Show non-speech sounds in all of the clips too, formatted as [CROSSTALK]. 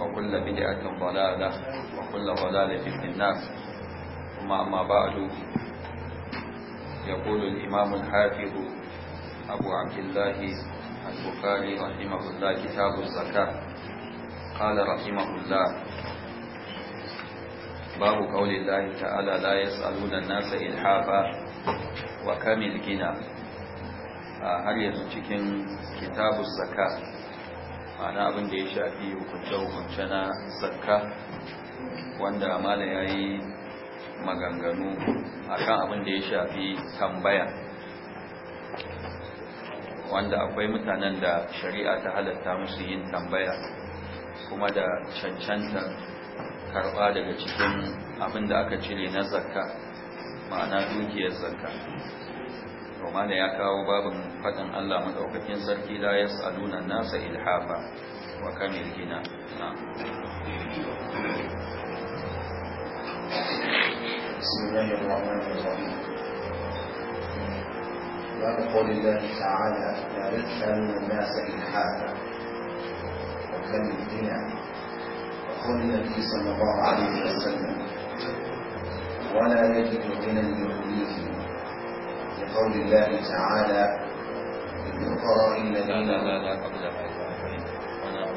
وكل بدعة ضلالة وكل ضلالة في النار ثم أما بعد يقول الإمام الحافظ أبو عبد الله البخاري رحمه الله كتاب الزكاة قال رحمه الله باب قول الله تعالى لا يسألون الناس إلحافا وكم الجنى هل يتشكين كتاب الزكاة ma'ana abin da ya shafi hukunce-hukunce na zakka wanda amala ya yi maganganu a kan abin da ya shafi tambaya wanda akwai mutanen da shari'a ta halatta musu yin tambaya kuma da cancanta karba daga cikin abin da aka cire na zakka ma'ana dukiyar zakka to يكاو ya kawo babin faɗin من أوقف sarki la yas'aluna nasa ilhafa wa kamil gina بسم الله الرحمن الرحيم باب قول الله تعالى لا تسألوا الناس إلحافا وكم الدنيا وقول النبي صلى الله عليه وسلم ولا يجد غنى يغنيه لقول الله تعالى للفقراء الذين لا لا لا قبل هذا أنا أنا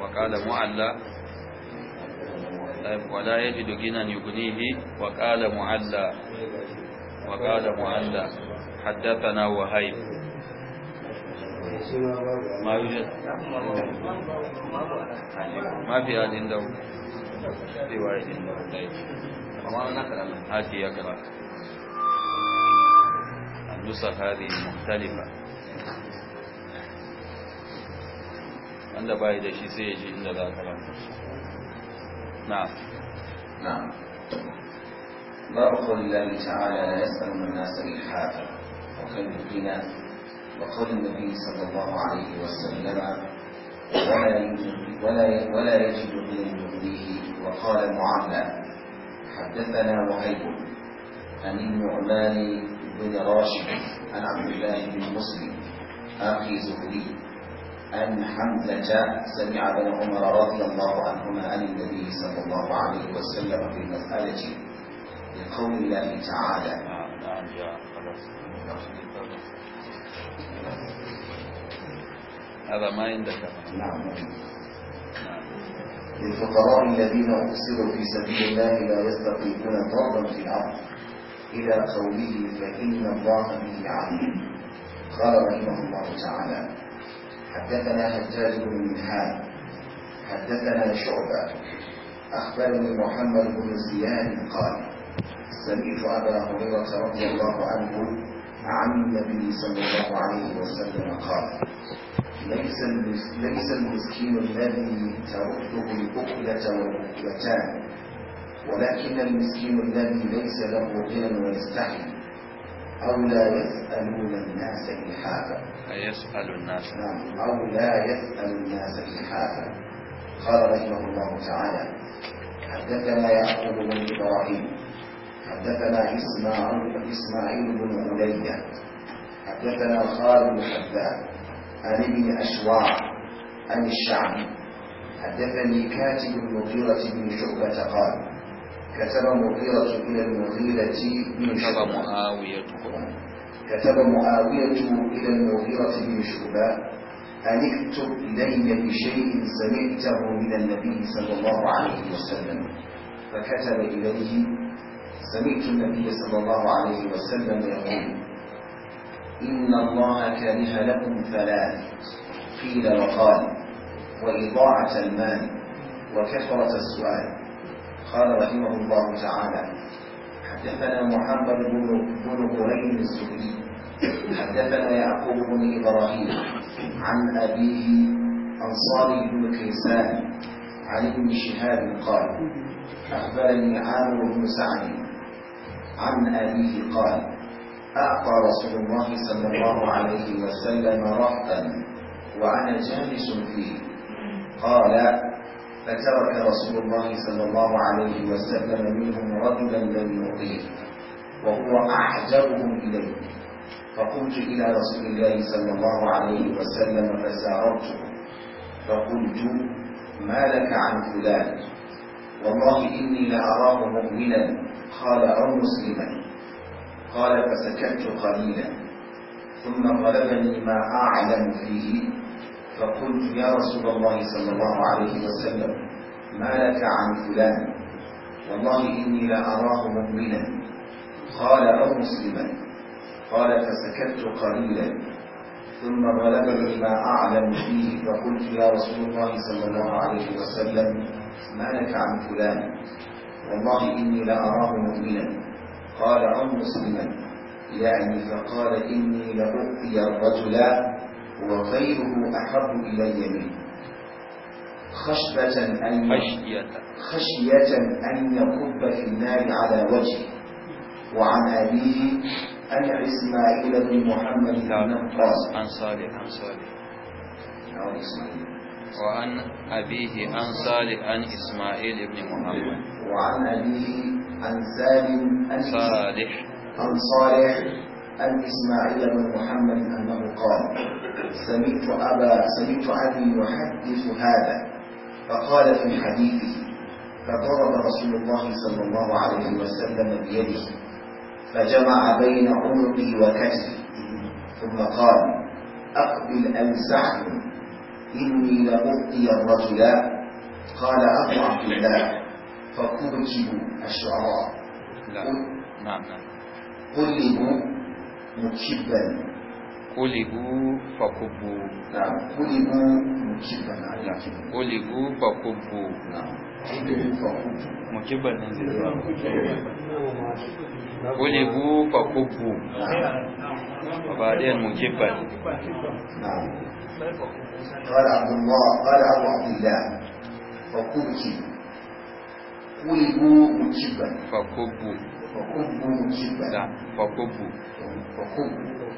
وقال معلى ولا يجد غنى يغنيه وقال معلى وقال معلى حدثنا وهيب ما يوجد ما في هذه الدو في وايد هذه يقرا النسخ هذه مختلفة عند باي شي سيجي سيء جدا عند نعم نعم لا أقول لله تعالى لا يسأل من الناس الحافظ خير فينا وقول النبي صلى الله عليه وسلم ولا يجد ولا ولا يجد من يغنيه وقال معاذ حدثنا وهيب عن النعمان بن راشد عن عبد الله بن مسلم اخي زهري أن حمزة سمع بن عمر رضي الله عنهما عن النبي صلى الله عليه وسلم في مسألة لقول الله تعالى نعم، نعم، هذا ما عندك نعم للفقراء الذين أقصروا في سبيل الله لا يستطيعون ضربا في الأرض إلى قوله فإن الله به عليم قال رحمه الله تعالى حدثنا حجاج بن منهاد حدثنا شعبة أخبرني محمد بن زياد قال سمعت أبا هريرة رضي الله عنه عن النبي صلى الله عليه وسلم قال ليس ليس المسكين الذي ترده الأكلة والأكلتان ولكن المسكين الذي ليس له غنى ويستحي أو لا يسألون الناس إلحافا يسأل الناس نعم أو لا يسأل الناس إلحافا قال رحمه الله تعالى حدثنا يعقوب بن إبراهيم حدثنا إسماعيل بن علي حدثنا خالد بن حداد عن ابن أشواع عن الشعبي حدثني كاتب المغيرة بن شعبة قال كتب المغيرة إلى المغيرة بن شعبة معاوية كتب معاوية إلى المغيرة بن شعبة أن اكتب إلي بشيء سمعته من النبي صلى الله عليه وسلم فكتب إليه سمعت النبي صلى الله عليه وسلم يقول إن الله كره لكم ثلاث قيل وقال وإضاعة المال وكثرة السؤال قال رحمه الله تعالى حدثنا محمد بن بن السوري حدثنا يعقوب بن إبراهيم عن أبيه أنصاري بن كيسان عن ابن شهاب قال أخبرني عامر بن سعد عن أبيه قال أعطى رسول الله صلى الله عليه وسلم رهطا وأنا جالس فيه قال فترك رسول الله صلى الله عليه وسلم منهم رجلا لم يطيق وهو أحجبهم إليه فقمت إلى رسول الله صلى الله عليه وسلم فسارته فقلت ما لك عن فلان والله إني لأراه مؤمنا قال أو مسلما قال فسكت قليلا ثم غلبني ما أعلم فيه فقلت يا رسول الله صلى الله عليه وسلم ما لك عن فلان والله إني لا أراه مؤمنا قال أو مسلما قال فسكت قليلا ثم غلبني ما أعلم فيه فقلت يا رسول الله صلى الله عليه وسلم ما لك عن فلان والله إني لأراه مؤمنا قال أو مسلما يعني فقال إني لأؤتي الرجل وخيره أحب إلي منه خشبة أن خشية, خشية أن يكب في النار على وجهه وعن أبيه أن إسماعيل بن محمد بن قاسم نعم، عن صالح عن صالح نعم، وعن أبيه عن صالح عن إسماعيل بن محمد وعن أبيه عن عن صالح عن صالح عن إسماعيل بن محمد أنه قال سمعت أبا سمعت أبي يحدث هذا فقال في حديثه فضرب رسول الله صلى الله عليه وسلم بيده فجمع بين عنقي وكتفي ثم قال أقبل أوسعهم إني لأخفي الرجل قال أبو عبد الله فكبكبوا الشعراء نعم نعم قلبوا مكبا قلبوا فكبوا نعم قلبوا مكبا قلبوا فكبوا نعم مكبا ننزل قلبوا فكبوا وبعدين مكبا نعم قال عبد الله قال أبو عبد الله فكبت قلبوا مجبا فكبوا فكبوا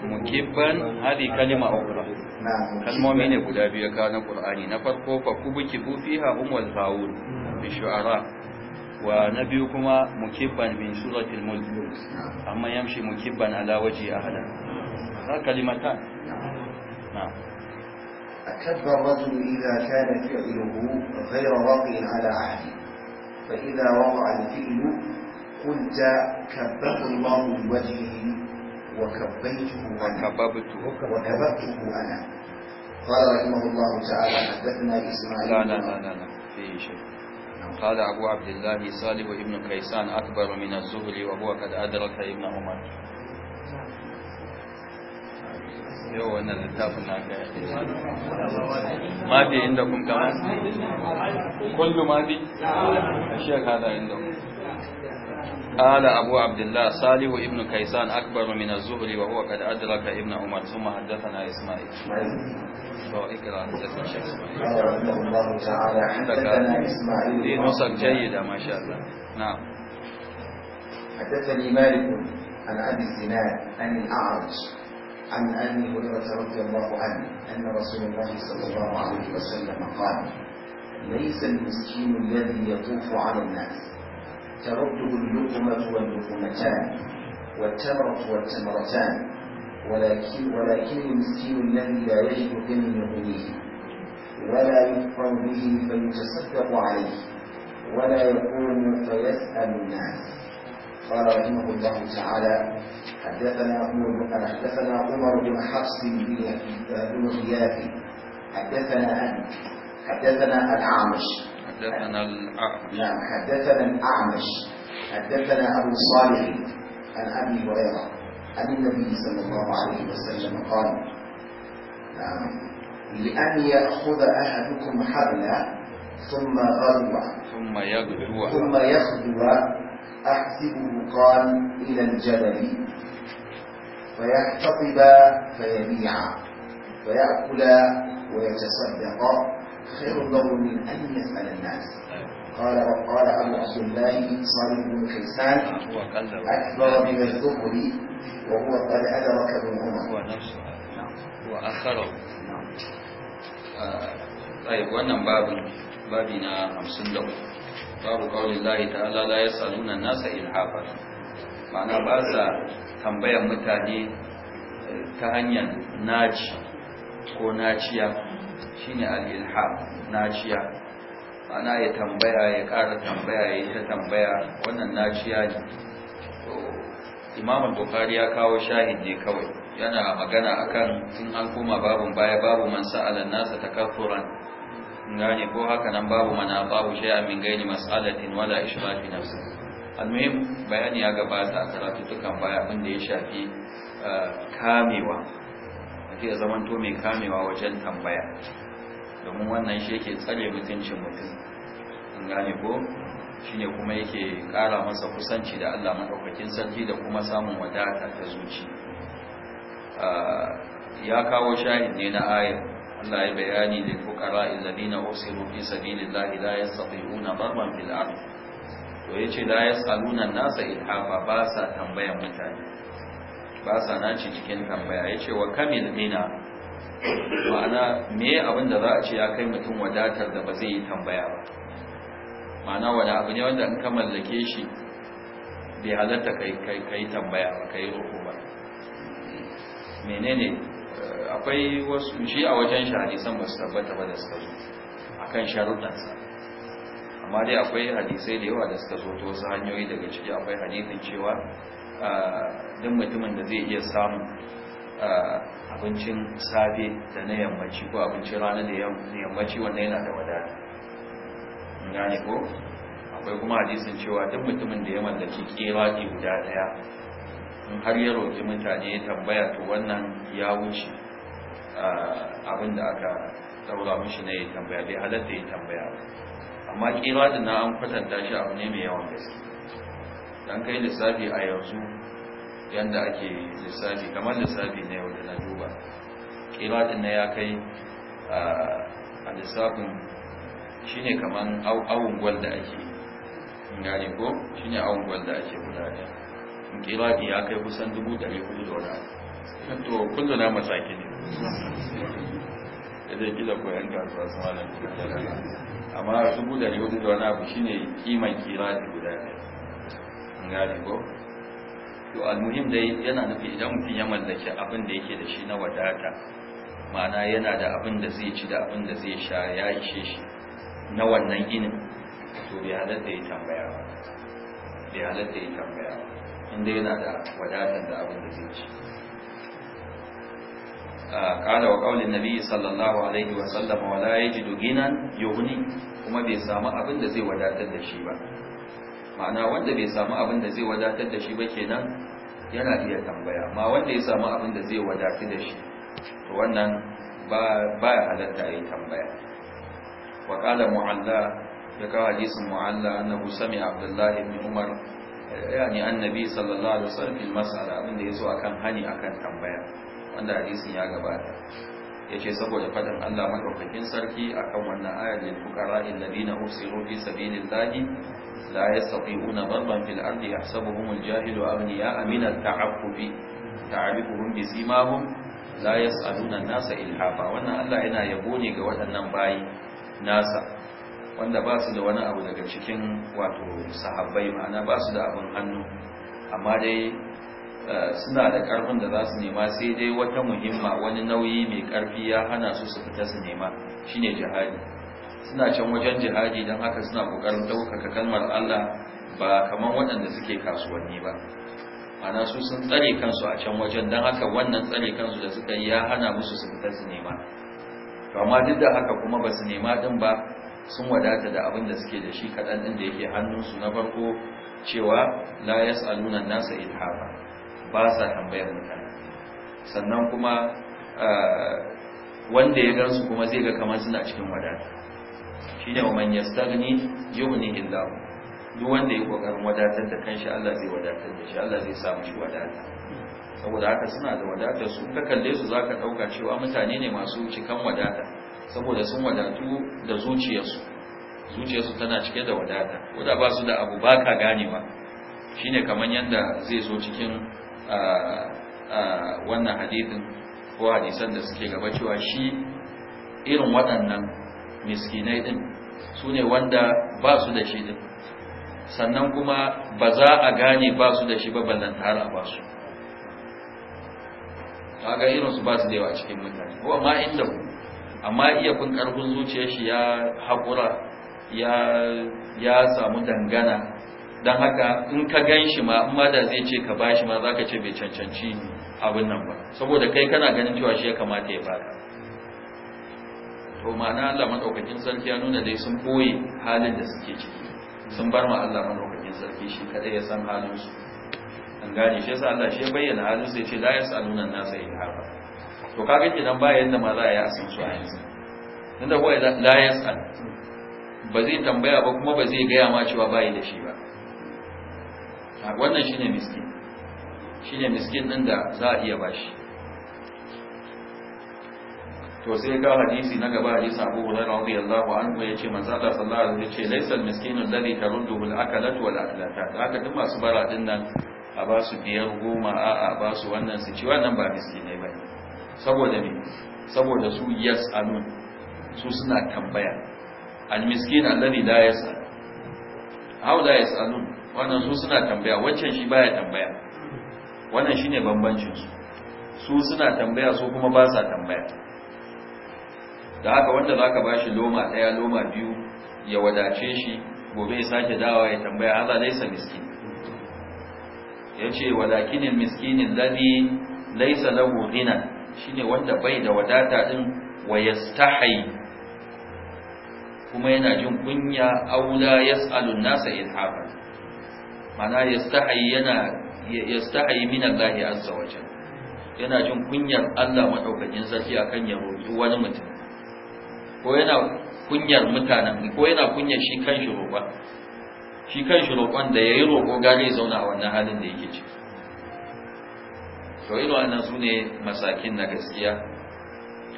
mukibban hadi kalima ukra kalmomi ne guda biyu ka na qur'ani na farko fakubu kubuki bu fiha umul zaul bi shu'ara wa na biyu kuma mukibban min suratil mulk amma yamshi mukibban ala waji ahada ha kalimatan na'am أكب الرجل إذا كان فعله غير واقع على عهده فإذا وقع الفعل قلت كبه الله بوجهه وكبيته أنا وكببته وكببته أنا قال رحمه الله تعالى حدثنا إسماعيل لا لا لا, لا. في شيء قال أبو عبد الله صالح ابن كيسان أكبر من الزهري وهو قد أدرك ابن عمر yau wannan littafin na ga ma bi inda kun kama kullu ma bi shek hada inda قال أبو عبد الله صالح ابن كيسان أكبر من الزهري وهو قد أدرك ابن عمر ثم حدثنا إسماعيل وإكرام حدثنا شيخ إسماعيل دي نسك جيدة ما شاء الله نعم حدثني مالك عن أبي الزناد عن الأعرج عن ابي هريره رضي الله عنه ان رسول الله صلى الله عليه وسلم قال ليس المسكين الذي يطوف على الناس ترده اللقمه واللقمتان والتمره والتمرتان ولكن ولكن المسكين الذي لا يجد غنى يغنيه ولا يفطر به فيتصدق عليه ولا يقوم فيسال الناس قال رحمه الله تعالى حدثنا عمر حدثنا عمر بن حفص بن خياف حدثنا أبي حدثنا الأعمش حدثنا الأعمش نعم حدثنا الأعمش حدثنا أبو صالح عن أبي هريرة عن النبي صلى الله عليه وسلم قال نعم لأن يأخذ أحدكم حبلا ثم غدوة ثم يغدو ثم يغدو أحسبه قال إلى الجبل فيحتطب فيبيع فيأكل ويتصدق خير له من أن يسأل الناس قال وقال أبو عبد الله صالح بن كيسان أكبر من الذكر وهو قد أدرك ابن عمر وآخره آه، طيب وأنا babin بابنا na 53 babu kawai lahi ta la ya nuna nasa ilhafar mana ba sa tambayan mutane eh, ta hanyar naci ko naciya Shi ne ilham naciya mana ya tambaya ya ƙara tambaya ya ta tambaya wannan naciya ne imamun bukhari ya kawo ne kawai yana magana akan tun an koma babun baya babu man sa'ala nasa ta kafuran gane ko haka nan babu mana babu a min gaini mas'alatin wala ishbahi nafsi almuhim bayani ya gabata a karatutukan baya abin ya shafi kamewa mutum ya zamanto mai kamewa wajen tambaya domin wannan shi yake tsare mutuncin mutum an gane ko shine kuma yake kara masa kusanci da Allah maɗaukakin sarki da kuma samun wadata ta zuci ya kawo shahin ne na ayar Allah ya bayani da fuqara alladhina usiru fi sabilillahi la yastati'una darban fil ard to yace la yasaluna nasa ilhafa ba sa tambayan mutane ba sa naci cikin tambaya yace wa kamil mina ma'ana me abin da za a ce ya kai mutum wadatar da ba zai yi tambaya ba ma'ana wani abu ne wanda in ka mallake shi bai halatta kai tambaya ba kai roƙo ba menene akwai wasu shi a wajen shi hadisan ba su tabbata ba da suka zo a kan sharuɗansa amma dai akwai hadisai da yawa da suka zo ta wasu hanyoyi daga ciki akwai hadisin cewa duk mutumin da zai iya samun abincin safe da na yammaci ko abincin rana da yammaci wannan yana da wadata gane ko akwai kuma hadisin cewa duk mutumin da ya mallaki kera guda daya in har ya roƙi mutane ya tambaya to wannan ya wuce ah, abin da aka daura mishi na ya tambaya bai halatta ya tambaya amma kira na an kwatanta shi abu ne mai yawan gaske dan kai lissafi a yanzu yadda ake lissafi kamar lissafi na yau da na duba kira na ya kai ah, a lissafin shine kamar awun gwal da ake gane ko shine awun gwal da ake gudanar kirani ya kai kusan 400 dola to kullu na masaki ne idan gida ko yan kasuwa su malam amma dubu da wani abu shine kiman kirani guda ne gani ko to almuhim dai yana nufi idan mutum ya mallaki abin da yake da shi na wadata ma'ana yana da abin da zai ci da abin da zai sha ya ishe shi na wannan ginin to bi halatta ya tambaya ba bi halatta ya tambaya ba inda yana da wadatar da abin da zai ci wa قال وقول النبي صلى الله عليه وسلم ولا يجد غنى يغني kuma bai samu abin da zai wadatar da shi ba ma'ana wanda bai samu abin da zai wadatar da shi ba kenan yana iya tambaya amma wanda ya samu abin da zai wadatar da shi to wannan ba ya halatta yi tambaya wa qala mu'alla ya kawo hadisin mu'alla annahu sami abdullahi ibn umar yani annabi sallallahu alaihi wasallam fil mas'ala abin da yazo akan hani akan tambaya wanda hadisin ya gabata yace saboda fadin Allah madaukakin sarki akan wannan ayar lil fuqara alladhina usiru fi sabilillahi la yastati'una darban fil ardi yahsabuhum aljahilu aghniya min at-ta'affufi ta'rifuhum bi simahum la yas'aluna an-nasa ilhafa wannan Allah yana yabo ne ga waɗannan bayi nasa wanda ba su da wani abu daga cikin wato sahabbai ma'ana ba su da abin hannu amma dai eh, suna da karfin da za su nema sai dai wata muhimma wani nauyi mai karfi ya hana su su fita su nema shine jihadi suna can wajen jihadi don haka suna kokarin ɗaukaka kalmar Allah ba kamar waɗanda suke kasuwanni ba ana su sun tsare kansu a can wajen don haka wannan tsare kansu da suka yi ya hana musu su fita su nema to duk da haka kuma ba su nema din ba sun wadata da abin da suke da shi kaɗan ɗin da yake hannunsu na farko cewa la yas'aluna nasa ilhafa ba sa tambayar mutane sannan kuma wanda ya gansu kuma zai ga kamar suna cikin wadata ne wa man yastaghni yughni illahu duk wanda ya kokarin wadatar da kanshi Allah zai wadatar da shi Allah zai samu shi wadata saboda haka suna da wadatar su ka kalle su zaka ɗauka cewa mutane ne masu cikan wadata saboda sun wadatu da zuciyarsu zuciyarsu tana cike da wadata wadda ba su da abu ba ka ganewa shine kamar yadda zai zo cikin wannan hadithin ko hadisan da suke gaba cewa shi irin waɗannan miskinai ɗin su ne wanda ba su da shi ɗin sannan kuma ba za a gane ba su da shi ba har a ba su ga irinsu ba su da yawa cikin mutane ko ma inda ku amma iya bin karfin zuciyar shi ya haƙura ya samu dangana don haka in ka gan shi ma amma da zai ce ka ba shi ma za ka ce bai cancanci abin nan ba saboda kai kana ganin cewa shi ya kamata ya baka to ma'ana Allah madaukakin sarki ya nuna dai sun koyi halin da suke ciki sun bar ma Allah madaukakin sarki shi kadai ya san halin su an gane shi yasa Allah shi ya bayyana halin su ya ce la yasaluna an-nasa ilhafa to kaga kenan ba yadda ma za a yi a san su a yanzu da kuwa la yas'al ba zai tambaya ba kuma ba zai gaya ma cewa bayi da shi ba wannan shine miskin shine miskin din da za a iya bashi to sai ga hadisi na gaba hadisi Abu Hurairah radiyallahu anhu yace manzo Allah sallallahu alaihi wasallam yace laysal miskinu alladhi tarudduhu bil akalatu wal aklata haka duk masu bara din nan a ba su biyar goma a a ba su wannan su ci wannan ba ne bane saboda ne, saboda su yas'alun su suna tambaya al-miskin alladhi la yas'al how la yas'alun wannan su suna tambaya wancan shi baya tambaya wannan shine bambancin su su suna tambaya su kuma ba sa tambaya da haka wanda zaka bashi loma daya loma biyu ya wadace shi gobe ya sake dawa ya tambaya haza laysa miskin yace wadakinin miskinin ladhi laysa lahu ghina shine wanda bai da wadata din wa yastahi kuma yana jin kunya aula yasalu nasa ilhafa mana yastahi yana yastahi min Allah azza wa jalla yana jin kunyar Allah madaukakin sarki akan ya roki wani mutum ko yana kunyar mutanen ko yana kunyar shi kan shi roƙon shi kan shi roƙon da yayi roƙo gare zauna a wannan halin da yake ciki to irin wannan su ne masakin na gaskiya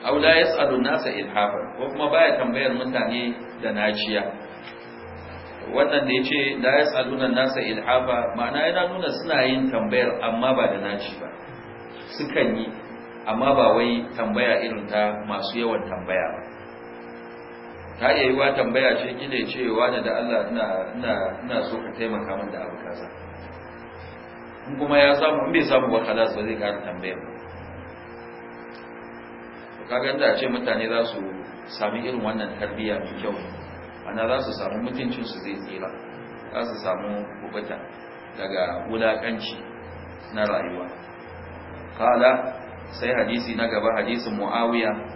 aw la yas'alu nasa ilhafa ko kuma baya tambayar mutane da naciya wannan da yace la yas'alu nasa ilhafa ma'ana yana nuna suna yin tambayar amma ba da naci ba sukan yi amma ba wai tambaya irin ta masu yawan tambaya ba ta iya yiwa tambaya ce kile cewa da Allah ina ina ina so ka taimaka min da abu kaza in kuma ya samu in bai samu ba kalas ba zai ƙara tambayar kaga a ce mutane za su sami irin wannan tarbiyya mai kyau ana za su samu su zai tsira za su samu kubuta daga wulakanci na rayuwa kala sai hadisi na gaba hadisin muawiya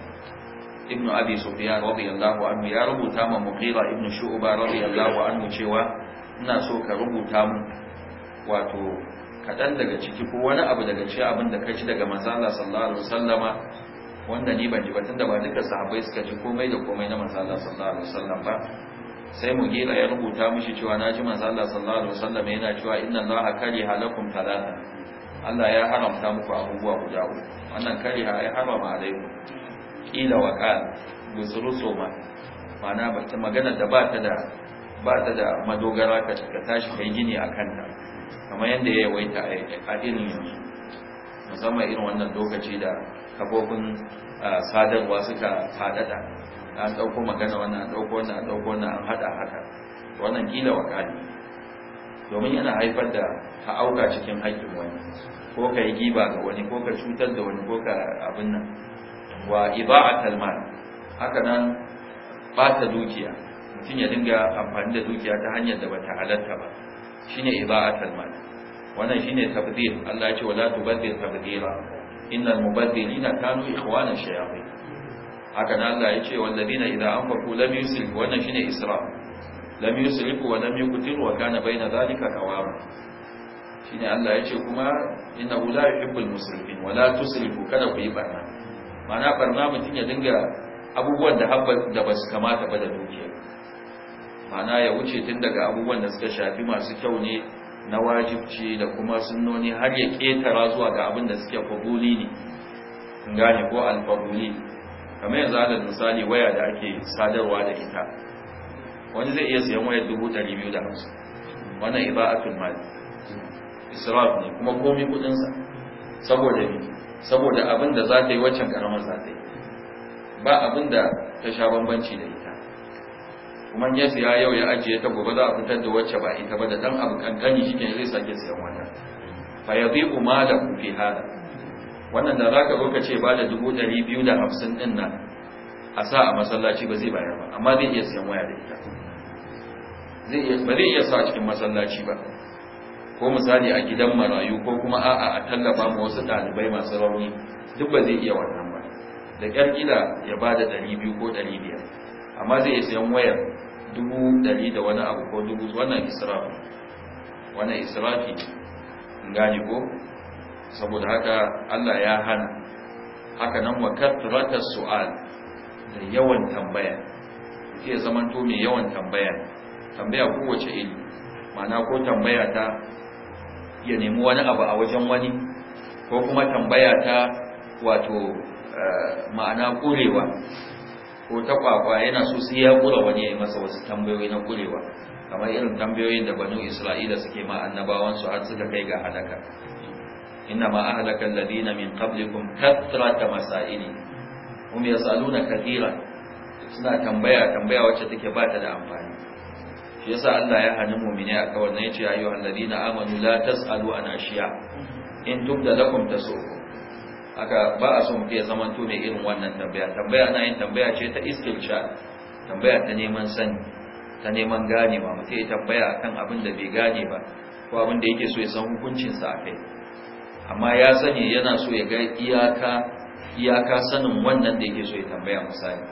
ابن ابي سفيان رضي الله ya rubuta ma تام ibn ابن radiyallahu رضي cewa ina so ka rubuta mu wato kaɗan daga ciki ko wani abu daga cikin abin da ka ci daga manzala sallallahu alaihi wasallama wanda ni ban ji ba tunda ba duka sahabbai suka ji komai da komai na manzala sallallahu alaihi wasallam ba sai mu gila ya rubuta mishi cewa na ji manzala sallallahu alaihi wasallam yana cewa inna allaha kariha halakum talata Allah ya haramta muku abubuwa guda uku wannan kariha ya harama alaikum kila wa qal Mana soma ta magana da ba ta da ba ta da madogara ka tashi kai gini a kanta kamar yadda ya yawaita a irin yanzu musamman irin wannan lokaci da kafofin sadarwa suka fadada an ɗauko magana wannan a ɗauko wannan an ɗauko wannan an haɗa haka wannan wa wakali domin yana haifar da ka auka cikin haƙƙin wani ko ka yi giba ga wani ko ka cutar da wani ko ka abin nan wa iba'a kalmar haka nan ɓata dukiya mutum ya dinga amfani da dukiya ta hanyar da bata halatta ba shine iba'a kalmar wannan shine tabdil Allah ya ce wala tubaddil tabdila innal mubaddilina kanu ikhwana shayatin haka nan Allah ya ce walladina idza anfaqu lam yusrifu wannan shine israf lam yusrifu wa lam yuqtir wa kana baina dhalika qawama shine Allah ya ce kuma innahu la yuhibbul musrifin wala tusrifu kada ku yi barna mana barna mutun ya dinga abubuwan da habba da basu kamata ba da dukiya mana ya wuce tun daga abubuwan da suka shafi masu kyau ne na wajibci da kuma sunnoni har ya ƙetara zuwa ga abin da suke fabuli ne gane ko alfabuli kamar yanzu alal misali waya da ake sadarwa da ita wani zai iya sayan wayar dubu ɗari biyu da hamsin wannan iba'atul mali israf ne kuma komi kuɗinsa saboda ne saboda abin da za ta yi waccan karamar za ta yi ba abin da ta sha bambanci da yi kuma ya siya yau ya ajiye ta gobe za a fitar da wacce ba ita ba da dan abu kankani shi zai sake siyan wannan fa kuma da fi hada wannan da zaka zo ka ce ba da 250 din nan a sa a masallaci ba zai bayar ba amma zai iya siyan waya da ita zai iya ba zai iya sa cikin masallaci ba ko misali a gidan marayu ko kuma a'a a tallafa ma wasu dalibai masu rauni duk ba zai iya wannan ba da kyar kila ya ba da 200 ko biyar. amma zai iya sayan wayar dubu ɗari da wani abu ko dubu wannan israfi wannan israfi gani ko saboda haka Allah ya hana haka nan wa kathrata su'al da yawan tambaya ke zaman to mai yawan tambaya tambaya kowace iri mana ko tambaya ta ya nemi wani abu a wajen wani ko kuma tambaya ta wato eh, ma'ana kurewa ko ta kwakwa yana so sai ya kura wani ya yi masa wasu tambayoyi na kurewa kamar irin tambayoyin da banu isra'ila suke ma annabawan su har suka kai ga halaka inna ma ahlaka alladhina min qablikum kathrata masaili hum yasaluna kathira suna tambaya tambaya wacce take ba ta da amfani shi yasa Allah ya hani mu'mini aka wannan yace ayyuhal ladina amanu la tasalu an ashiya in tubda lakum tasu'u haka ba a son fiye ya zamanto mai irin wannan tambaya tambaya na yin tambaya ce ta istilsha tambaya ta neman sani ta neman gane ba. mutum ya tambaya akan abin da bai gane ba ko abin da yake so ya san hukuncinsa a kai amma ya sani yana so ya ga iyaka iyaka sanin wannan da yake so ya tambaya misali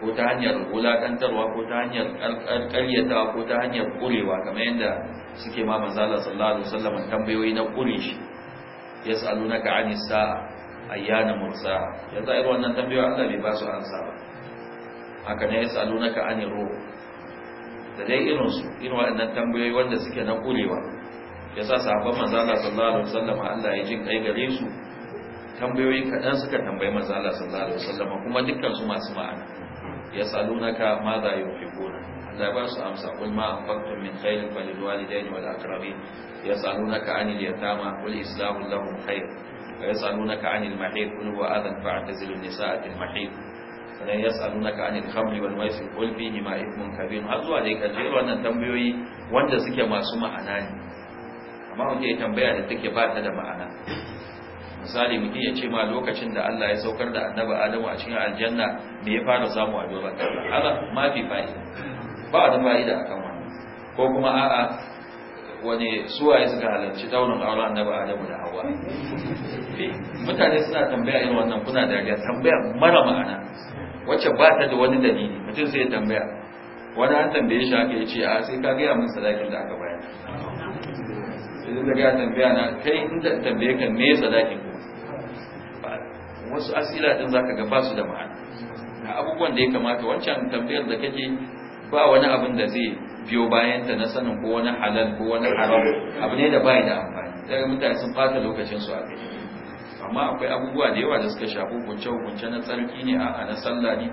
ko ta hanyar wulakantarwa ko ta hanyar ƙaryatawa ko ta hanyar ƙurewa kamar yadda suke ma manzala sallallahu alaihi wasallam tambayoyi na ƙure shi yas'alunaka 'anis sa'a ayyana mursaha yanzu irin wannan tambayoyi Allah bai ba su amsa ba haka ne yas'alunaka 'anir ruh da dai irin su irin waɗannan tambayoyi wanda suke na kurewa yasa sahabban manzo Allah sallallahu alaihi wasallam Allah ya jin kai gare su tambayoyi kaɗan suka tambayi manzo Allah sallallahu alaihi wasallam kuma dukkan su masu ma'ana yasalunaka ma za yuhibbuna Allah ba su amsa kul ma anfaqtum min khairin falil walidayni wal aqrabin na ya wani Ka عن اليتامى قل إصلاح لهم خير ويسألونك عن المحيط قل هو أذى فاعتزلوا النساء في المحيط sannan ya tsalunaka anil khamri wal maisir qul fihi ma ithmun kabir har zuwa dai kaje wannan tambayoyi wanda suke masu ma'ana ne amma mutum ya tambaya da take ba ta da ma'ana misali mu ya ce ma lokacin da Allah ya saukar da annaba Adamu a cikin aljanna me ya fara samu a doron Allah ma fi fa'ida ba da fa'ida akan wannan ko kuma a'a wani suwaye suka halarci daunin auren annabi adamu da hawa eh, mutane suna tambaya irin wannan kuna dariya tambaya mara ma'ana wacce ba ta da wani dalili mutum sai ya tambaya wani an tambaye shi haka ya ce a sai ka gaya min sadakin da aka bayar sai da gaya tambaya na kai inda tambaye kan me sadakin ku wasu asila din zaka ga ba su da ma'ana abubuwan da ya kamata wancan tambayar da kake ba wani abin da zai biyo bayan ta na sanin ko wani halal ko wani haram abu ne da bai da amfani daga mutane sun fata lokacin su a kai amma akwai abubuwa da yawa da suka shafi kunce-kunce na tsarki ne a na sallah ne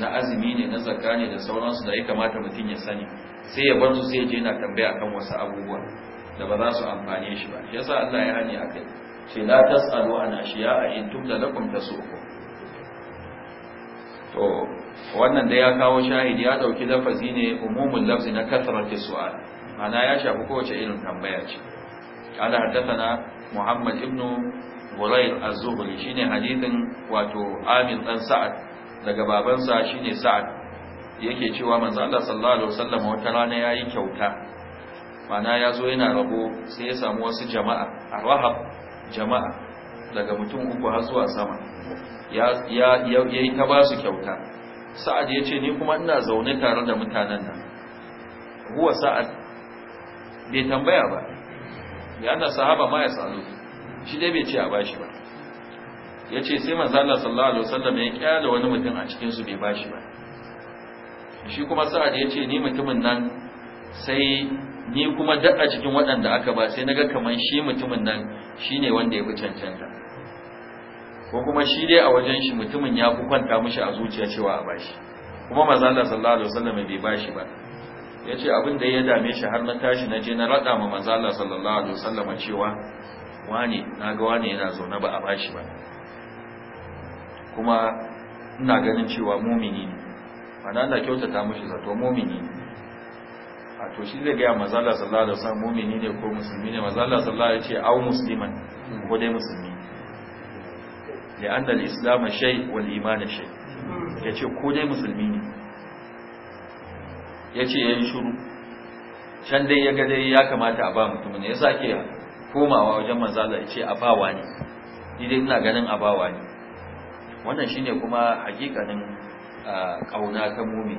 na azumi ne na zakka ne da sauransu da ya kamata mutum ya sani sai ya bar su sai je na tambaya kan wasu abubuwa da ba za su amfane shi ba yasa Allah ya hani akai ce la tasalu an ashiya in tumla lakum tasuku to wannan da ya kawo shahidi ya dauki lafazi ne umumul lafzi na kasratu su'al ana ya shafi kowace irin tambaya ce ala haddathana muhammad ibn Hurayr az-Zuhri shine hadithin wato Amin dan Sa'ad daga babansa shine Sa'ad yake cewa manzo Allah sallallahu alaihi wasallam wata rana yayi kyauta mana zo yana rabo sai ya samu wasu jama'a arwahab jama'a daga mutum uku har zuwa sama ya ya yayi ta basu kyauta sa'ad ya ce ni kuma ina zaune tare da mutanen nan huwa sa'ad bai tambaya ba ya na sahaba ma ya sa'adu shi dai bai ce a bashi ba ya ce sai manzala sallallahu alaihi wasallam ya kyala wani mutum a cikinsu bai bashi ba shi kuma sa'ad ya ce ni mutumin nan sai ni kuma duk a cikin waɗanda aka ba sai na ga kamar shi mutumin nan shine wanda ya fi cancanta ko kuma shi dai a wajen shi mutumin ya fi kwanta mishi a zuciya cewa a bashi kuma manzala sallallahu alaihi wasallam bai bashi ba yace abin da ya dame shi har na tashi na je na rada ma manzala sallallahu alaihi wasallam cewa wani ga wani yana zaune ba a bashi ba kuma ina ganin cewa mumini ne ana kyauta kyautata mishi zato mumini ne a to shi zai gaya mazala sallallahu alaihi wasallam mumini ne ko musulmi ne mazala sallallahu alaihi ce au musliman ko dai musulmi da an dal islam shay wal iman shay yace ko dai musulmi ne yace yayin shiru can dai ya dai ya kamata a ba mutum ne yasa ke komawa wajen maza Allah yace a bawa ne ni dai ina ganin a bawa ne wannan shine kuma hakikanin kauna ta mumin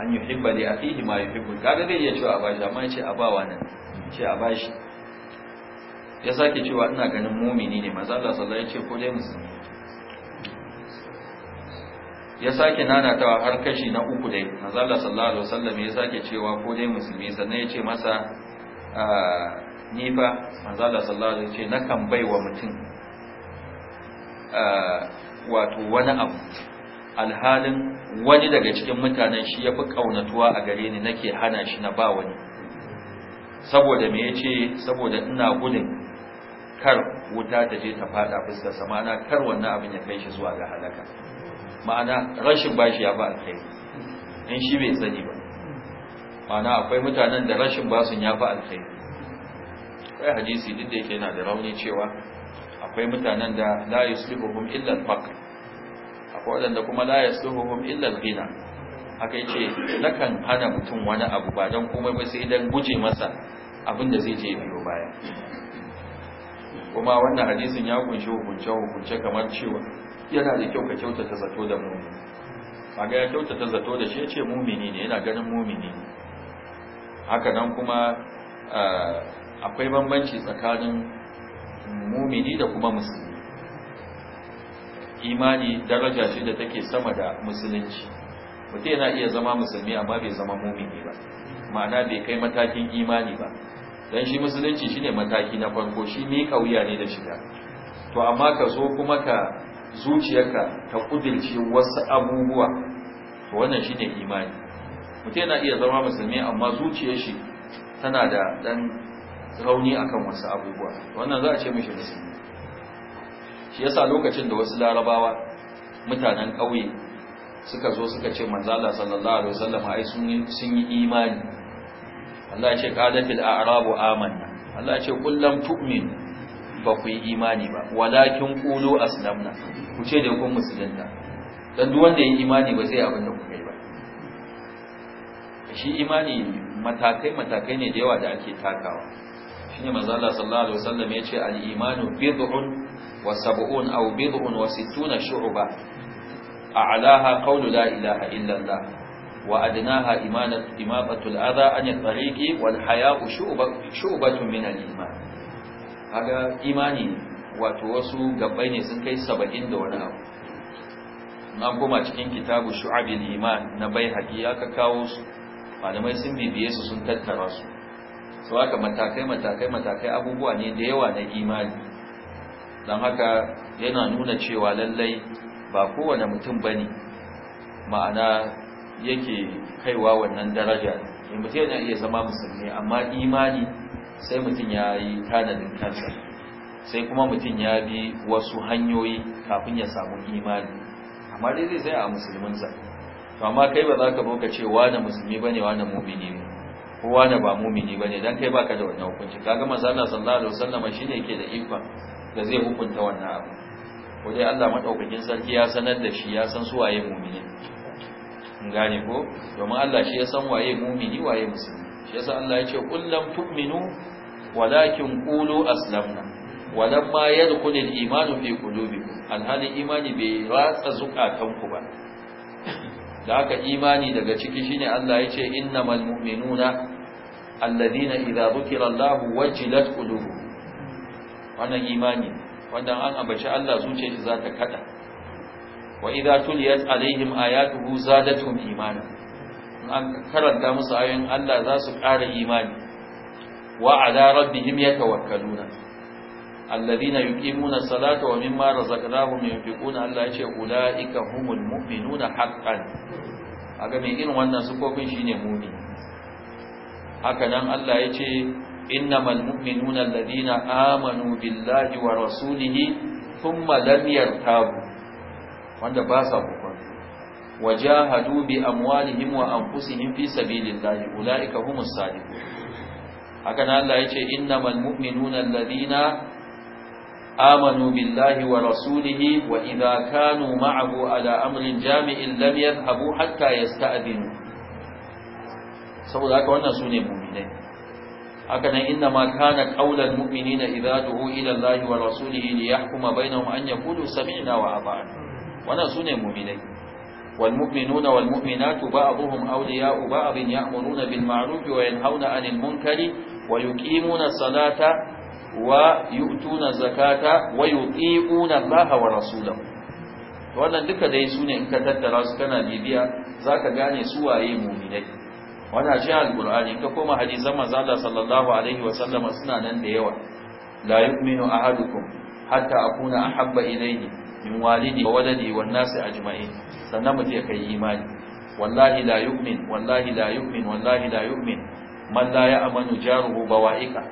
an yuhibba li akhihi ma yuhibbu kaga dai yace a bashi amma yace a bawa nan yace a bashi ya sake cewa ina ganin mumini ne maza Allah sallallahu alaihi wasallam ya ce ko dai musulmi ya sake ta har kashi na uku dai maza Allah sallallahu alaihi wasallam ya sake cewa ko dai musulmi sannan ya ce masa ni fa maza Allah sallallahu alaihi wasallam ya ce kan baiwa mutum wato wani abu alhalin wani daga cikin mutanen shi ya fi ƙaunatuwa a gare ni nake hana shi na ba wani saboda me ya ce saboda ina gudun kar wuta ta je ta fada fuskar sa ma'ana kar wannan abin ya kai shi zuwa ga halaka ma'ana rashin bashi ya ba alkhairi in shi bai sani ba ma'ana akwai mutanen da rashin basun ya ba alkhairi akwai hadisi duk da yake yana da rauni cewa akwai mutanen da la yuslihuhum illa al-faqr akwai wanda kuma la yuslihuhum illa al-ghina haka yace nakan hana mutum wani abu ba dan komai ba sai dan guje masa abin da zai je biyo baya kuma wannan hadisin ya kunshi hukunce-hukunce kamar cewa yana da kyau ka ta zato da mumini kaga ya kyautata zato da shi ya ce mumini ne yana ganin mumini haka nan kuma akwai bambanci tsakanin mumini da kuma musulmi imani daraja ce da take sama da musulunci mutum yana iya zama musulmi amma bai zama mumini ba ma'ana bai kai matakin imani ba Dan shi musulunci shine mataki na farko shi mi kauya ne da shiga to amma ka zo kuma ka zuciyarka ta kudirce wasu abubuwa to wannan shine imani mutum yana iya zama musulmi amma zuciyar shi tana da dan rauni akan wasu abubuwa wannan za a ce mishi musulmi shi yasa lokacin da wasu larabawa mutanen ƙauye suka zo suka ce manzala sallallahu alaihi wasallam ai sun yi imani Allah ya ce qalatil a'rabu amanna Allah ya ce kullam tu'min ba ku yi imani ba walakin qulu aslamna ku ce da kun musulunta dan duk wanda ya yi imani ba sai abin da ku kai ba shi imani matakai matakai ne da yawa da ake takawa shine manzo Allah sallallahu alaihi wasallam ya ce al-imanu bid'un wa sab'un aw bid'un wa sittuna shu'ba a'laha qawlu la ilaha illa Allah wa adnaha imanat imabatu al-adha an al-tariqi wal haya iman haga imani wato wasu gabbai ne sun kai 70 wadan na goma cikin kitabu shu'ab iman na bai haji kawo su malamai sun bibiye su sun tattara su to haka matakai matakai matakai abubuwa ne da yawa na imani dan haka yana nuna cewa lallai ba kowane mutum bane ma'ana yake kaiwa wannan daraja in eh, mutum yana iya zama musulmi amma imani sai mutum ya yi tanadin kansa sai kuma mutum ya bi wasu hanyoyi kafin ya samu imani amma dai zai zai a musulminsa to amma kai ba za ka boka ce wane musulmi bane wane mumini ne ko wane ba mumini bane dan kai baka da wannan hukunci kaga manzo Allah sallallahu alaihi wasallam shine yake da ifa da zai hukunta wannan abu ko dai Allah madaukakin sarki ya sanar da shi ya san su waye mumini gane ko domin Allah shi ya san waye mumini waye musulmi shi san Allah ya ce kullam tu'minu walakin qulu aslamna walamma yadkhulu al-iman fi qulubikum alhali imani bai ratsa zukatanku ba da haka imani daga ciki shine Allah ya ce innamal mu'minuna alladhina idza dhukira Allah wajilat qulubuhum wannan imani wanda an ambaci Allah zuciyarsa za ta kada wa idza tuliyat alaihim ayatuhu zadatuhum imana an karanta musu ayoyin Allah za su ƙara imani wa ala rabbihim yatawakkaluna alladhina yuqimuna salata wa mimma razaqnahum yunfiquna Allah yace ulaika humul mu'minuna haqqan aga me irin wannan sufofin shine mu'min haka nan Allah yace innamal mu'minuna alladhina amanu billahi wa rasulihi thumma lam yartabu wanda ba sa kokonto wajahadu bi amwalihim wa anfusihim fi sabilillahi ulaika humus sadiqun haka nan Allah yace innamal mu'minuna alladhina amanu billahi wa rasulihi wa idha kanu ma'ahu ala amrin jami'in lam yadhhabu hatta yasta'dinu saboda haka wannan sune mu'minai haka nan innama kana qaulal mu'minina idha du'u ila allahi wa rasulihi liyahkuma bainahum an yaqulu sami'na wa ata'na wannan sune mu'minai wal mu'minuna ya mu'minatu ba'dhum awliya'u ba'dhin ya'muruna bil ma'ruf wa yanhauna 'anil munkari wa yuqimuna salata wa yu'tuna zakata wa yuti'una Allaha wa rasulahu wannan duka dai sune in ka tattara su kana bibiya zaka gane su waye mu'minai wanda ce alqur'ani ka koma hadisan manzo Allah sallallahu alaihi wa sallama suna nan da yawa la yu'minu ahadukum hatta a kuna akuna ahabba ilayhi min walidi wa waladi wan nasi ajma'in sannan mutum ya kai imani wallahi la yu'min wallahi la yu'min wallahi la yu'min man la ya'manu jaruhu bawa'ika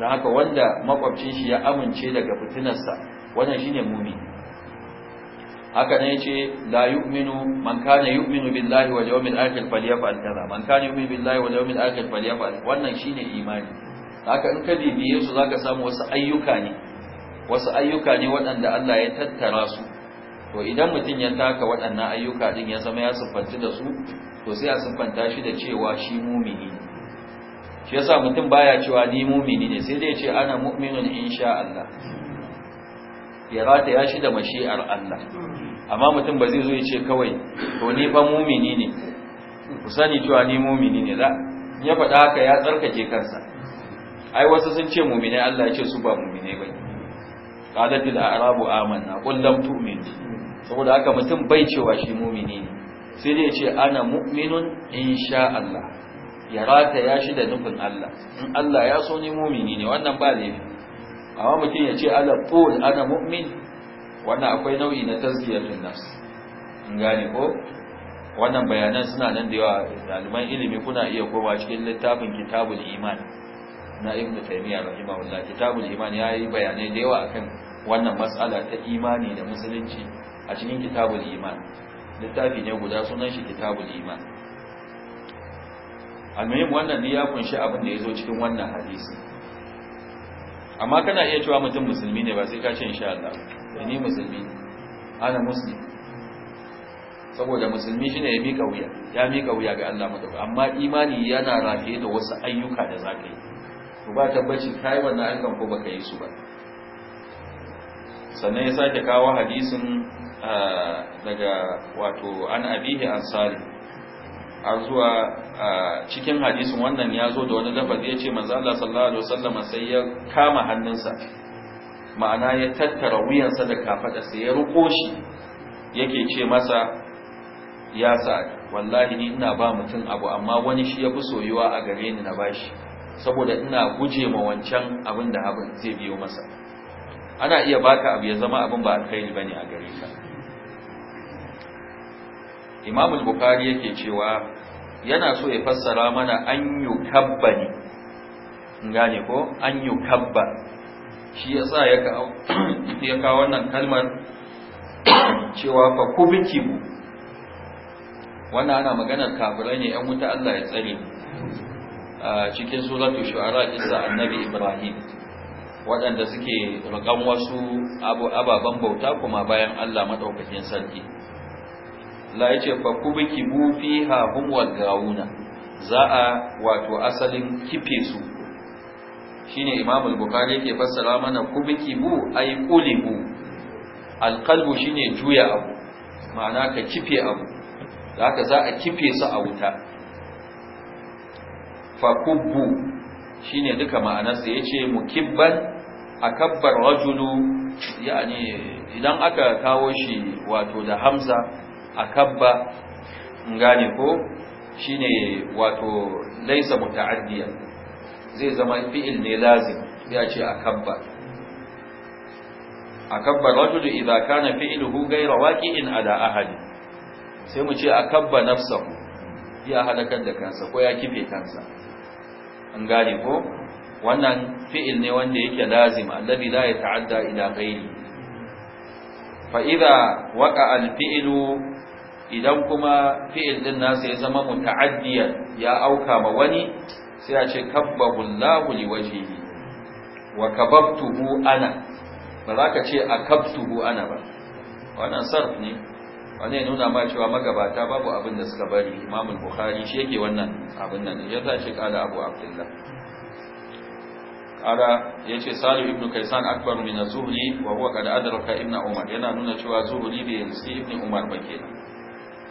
dan haka wanda makwabcin shi ya amince daga fitinarsa wannan shine mu'min haka ne yace la yu'minu man kana yu'minu billahi wal yawmil akhir falyaf'al kaza man kana yu'minu billahi wal yawmil akhir falyaf'al wannan shine imani haka in ka bibiye su zaka samu wasu ayyuka ne wasu ayyuka ne waɗanda Allah ya tattara su to idan mutum ya taka waɗannan ayyuka din ya zama ya siffanci da su to sai a siffanta shi da cewa shi mumini shi yasa mutum baya cewa ni mumini ne sai dai ce ana mu'minun insha Allah ya rata ya shi da mashi'ar Allah amma mutum ba zai zo ya ce kawai to ni fa mumini ne ku sani cewa ni mumini ne la ya faɗa haka ya tsarkake kansa ai wasu sun ce mumini Allah ya ce su ba ba bane qalatil a'rabu amanna qul lam tu'min saboda haka mutum bai cewa shi mu'mini ne sai dai ya ce ana mu'minun insha Allah ya rata ya shi da nufin Allah in Allah ya so ni mu'mini ne wannan ba ne amma mutum ya ce ala qul ana mu'min wannan akwai nau'i na tazkiyatun nafs in gane ko wannan bayanan suna nan da yawa daliban ilimi kuna iya koma cikin littafin kitabul iman na ibn taymiya rahimahullah kitabul iman yayi bayanai da yawa akan wannan mas'ala ta imani da musulunci a cikin kitabul iman littafi ne guda sunan shi kitabul iman almuhim wannan ne ya kunshi abin da yazo cikin wannan hadisi amma kana iya cewa mutum musulmi ne ba sai ka ce insha Allah ni musulmi ana muslim saboda musulmi shine ya mika wuya ya mika wuya ga Allah mutum amma imani yana rafe da wasu ayyuka da zaka yi to ba tabbacin ka yi wannan ayyukan ko baka yi su ba sannan ya sake kawo hadisin daga wato an abihi ansari har zuwa cikin hadisin wannan ya zo da wani lafazi ya ce maza Allah sallallahu alaihi wasallam sai ya kama hannunsa ma'ana ya tattara wuyansa da kafaɗa sai ya ruko shi yake ce masa ya sa wallahi ni ina ba mutum abu amma wani shi ya fi soyuwa a gare ni na bashi saboda ina guje ma wancan abin da abin zai biyo masa ana iya baka abu ya zama abin ba alkhairi bane a gare ka Imam al-Bukhari yake cewa yana so ya fassara mana an yukabbani ne gane ko an yukabba shi yasa ya ka [CLEARS THROAT] ya kawo wannan kalmar [CLEARS THROAT] cewa fa kubikibu wannan ana maganar kafirai ne 'yan wuta Allah ya tsare cikin suratul shu'ara kisa annabi ibrahim waɗanda suke rakan wasu ababen bauta kuma bayan Allah madaukakin sarki la yace fa kubiki bu fiha hum wal gauna za a wato asalin kife su shine imam al-bukhari yake fassara mana kubiki bu ay qulibu al-qalbu shine juya abu ma'ana ka kife abu haka za a kife su a wuta fakubbu shine duka ma'anarsa yace mukibban akabbar rajulu yani idan aka kawo shi wato da hamza akabba gane ko shine wato laisa muta'addiya zai zama fi'il ne lazim ya ce akabba akabba rajulu idan kana fi'luhu ghayra waqi'in ala ahadi sai mu ce akabba nafsahu ya halakar da kansa ko ya kife kansa an gane ko wannan fi'il ne wanda yake lazim allazi la yata'adda ila ghairi fa idza waqa al idan kuma fi'il din nasa ya zama muta'addiyan ya auka ma wani sai a ce kabbahu Allahu liwajhihi wa kababtuhu ana ba za ka ce akabtuhu ana ba wannan sarf ne Wani ya nuna ma cewa magabata babu abin da suka bari imamul bukhari shi yake wannan abin nan ya ta shi kala abu abdullah kara ya ce salu ibnu kaisan akbar min az-zuhri wa huwa qad adraka ibn umar yana nuna cewa zuhri bai yansi ibn umar ba ke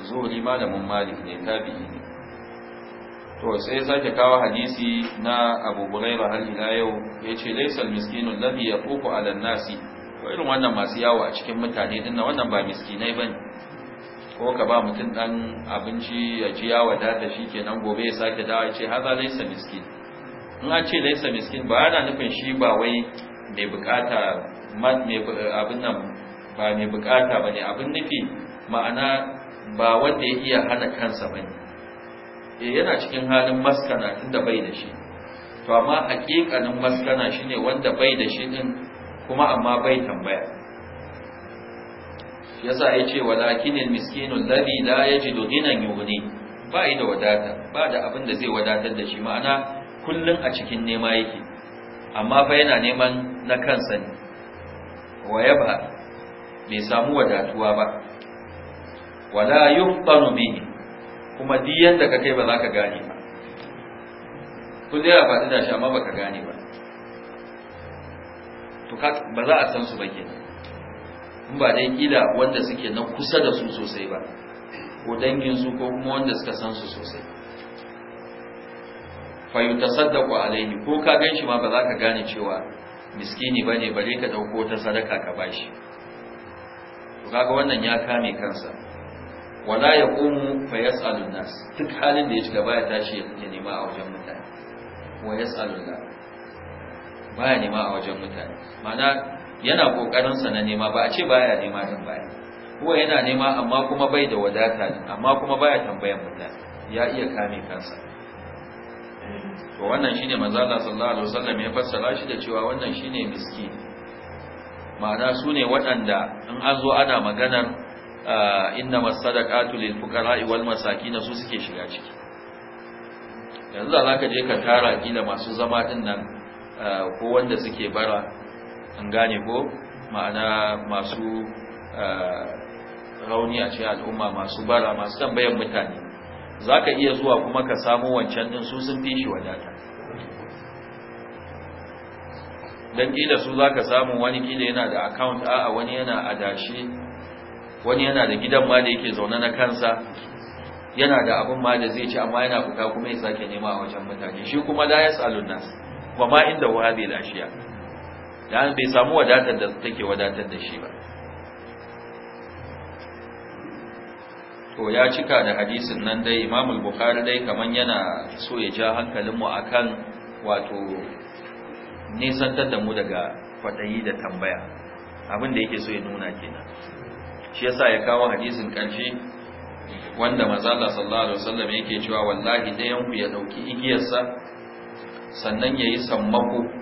zuhri malamin malik ne tabi'i ne to sai ya sake kawo hadisi na abu buraira har ila yau ya ce laysal miskinu alladhi yaququ ala an-nasi irin wannan masu yawo a cikin mutane dinna wannan ba miskinai bane ko ka ba mutum dan abinci ya ci ya wadata shi kenan gobe ya sake dawa ya ce haza laisa miskin in a ce laisa miskin ba ana nufin shi ba wai mai bukata abin nan ba mai bukata ba ne abin nufi ma'ana ba wanda ya iya hana kansa ba ne eh, yana cikin halin maskana tunda bai da shi to amma hakikanin maskana shine wanda bai da shi din kuma amma bai tambaya Ya sa yasa yace walakinil miskinu alladhi la ji ghinan yuni ba da wadata ba da abin da zai wadatar da shi ma'ana kullum a cikin nema yake amma fa yana neman na kansa ne wayaba bai samu wadatuwa ba wala yuftanu mini kuma diyan da ka kai ba za ka gane ba kun dai a faɗi da shi amma ba ka gane ba to ba za a san su ba kenan in ba dai kila wanda suke nan kusa da su sosai ba ko danginsu ko kuma wanda suka san su sosai fa tasaddaku alaihi ko ka ganshi ma ba za ka gane cewa miskini bane bare ka dauko ta sadaka ka bashi to kaga wannan ya kame kansa wala kumu fa yas'alu nas duk halin da ya shiga baya tashi ya nema a wajen mutane wa yas'alu baya nema a wajen mutane ma'ana yana kokarin sa na nema ba a ce baya nema din baya ko yana nema amma kuma bai da wadata din amma kuma baya tambayan mutane ya iya kame kansa to wannan shine manzo Allah sallallahu alaihi wasallam ya fassara shi da cewa wannan shine miski ma'ana sune waɗanda in an zo ana maganar ah, inna masadaqatu lil fuqara'i wal masakin su suke shiga ciki yanzu za ka je ka tara kila masu zama din nan ah, ko wanda suke bara in gane ko ma'ana masu eh, rauni a ce al'umma masu bara masu tambayan mutane za ka iya zuwa kuma ka samu wancan ɗin su sun fi shi wadata don ƙila su za ka samu wani ƙila yana da akawunt a wani yana adashi wani yana da gidan ma da yake zaune na kansa yana da abin ma da zai ci amma yana fita kuma ya sake nema a wajen mutane shi kuma da ya nas nasu. ma inda wahabi lashiya dan bai samu wadatar da take wadatar da shi ba to ya cika da hadisin nan dai Imam al-Bukhari dai kaman yana so ya ja hankalin mu akan wato nisantar da mu daga kwadayi da tambaya abin da yake so ya nuna kenan shi yasa ya kawo hadisin karshe wanda manzo sallallahu alaihi wasallam yake cewa wallahi dayan ku ya dauki igiyarsa sannan yayi sammako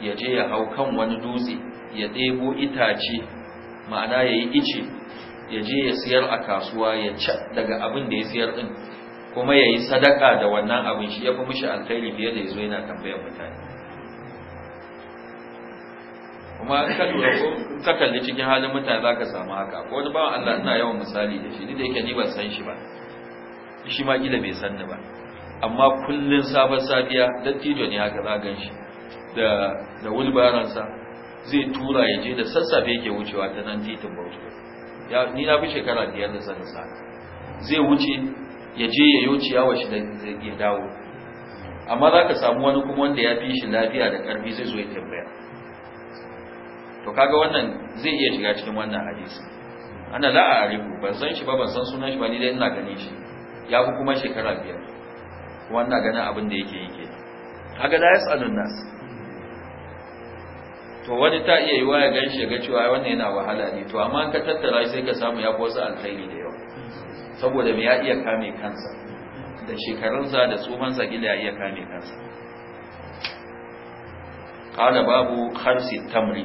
ya je ya hau kan wani dutse ya ɗebo itace ma'ana ya yi ice ya je ya siyar a kasuwa ya ci daga abin da ya siyar ɗin kuma ya yi sadaka da wannan abin shi ya fi mishi alkhairi fiye da ya zo yana tambayar mutane kuma ka lura ko ka kalli cikin halin mutane zaka samu haka ko wani bawan Allah ina yawan misali da shi ni da yake ni ban san shi ba shi ma kila bai san ni ba amma kullun sabon safiya dattijo ne haka za gan shi da da wulbaransa zai tura ya je da sassafe yake wucewa ta nan titin bauchi ya ni na bi shekara biyar da sanin sa zai wuce ya je ya yoci yawa shi da ya dawo amma za ka samu wani kuma wanda ya fi shi lafiya da ƙarfi zai zo ya tambaya to kaga wannan zai iya shiga cikin wannan hadisi ana la a'rifu ban san shi ba ban san sunan shi ba ni dai ina gani shi ya fi kuma shekara biyar wannan ganin abin da yake yi kenan kaga ya yas'alun nas to wani ta iya yiwa ya gan ga cewa wannan yana wahala ne to amma ka tattara sai ka samu ya wasu alkhairi da yawa, saboda me ya iya kame kansa da shekarunsa da tsohonsa gida ya iya kame kansa qala babu kharsi tamri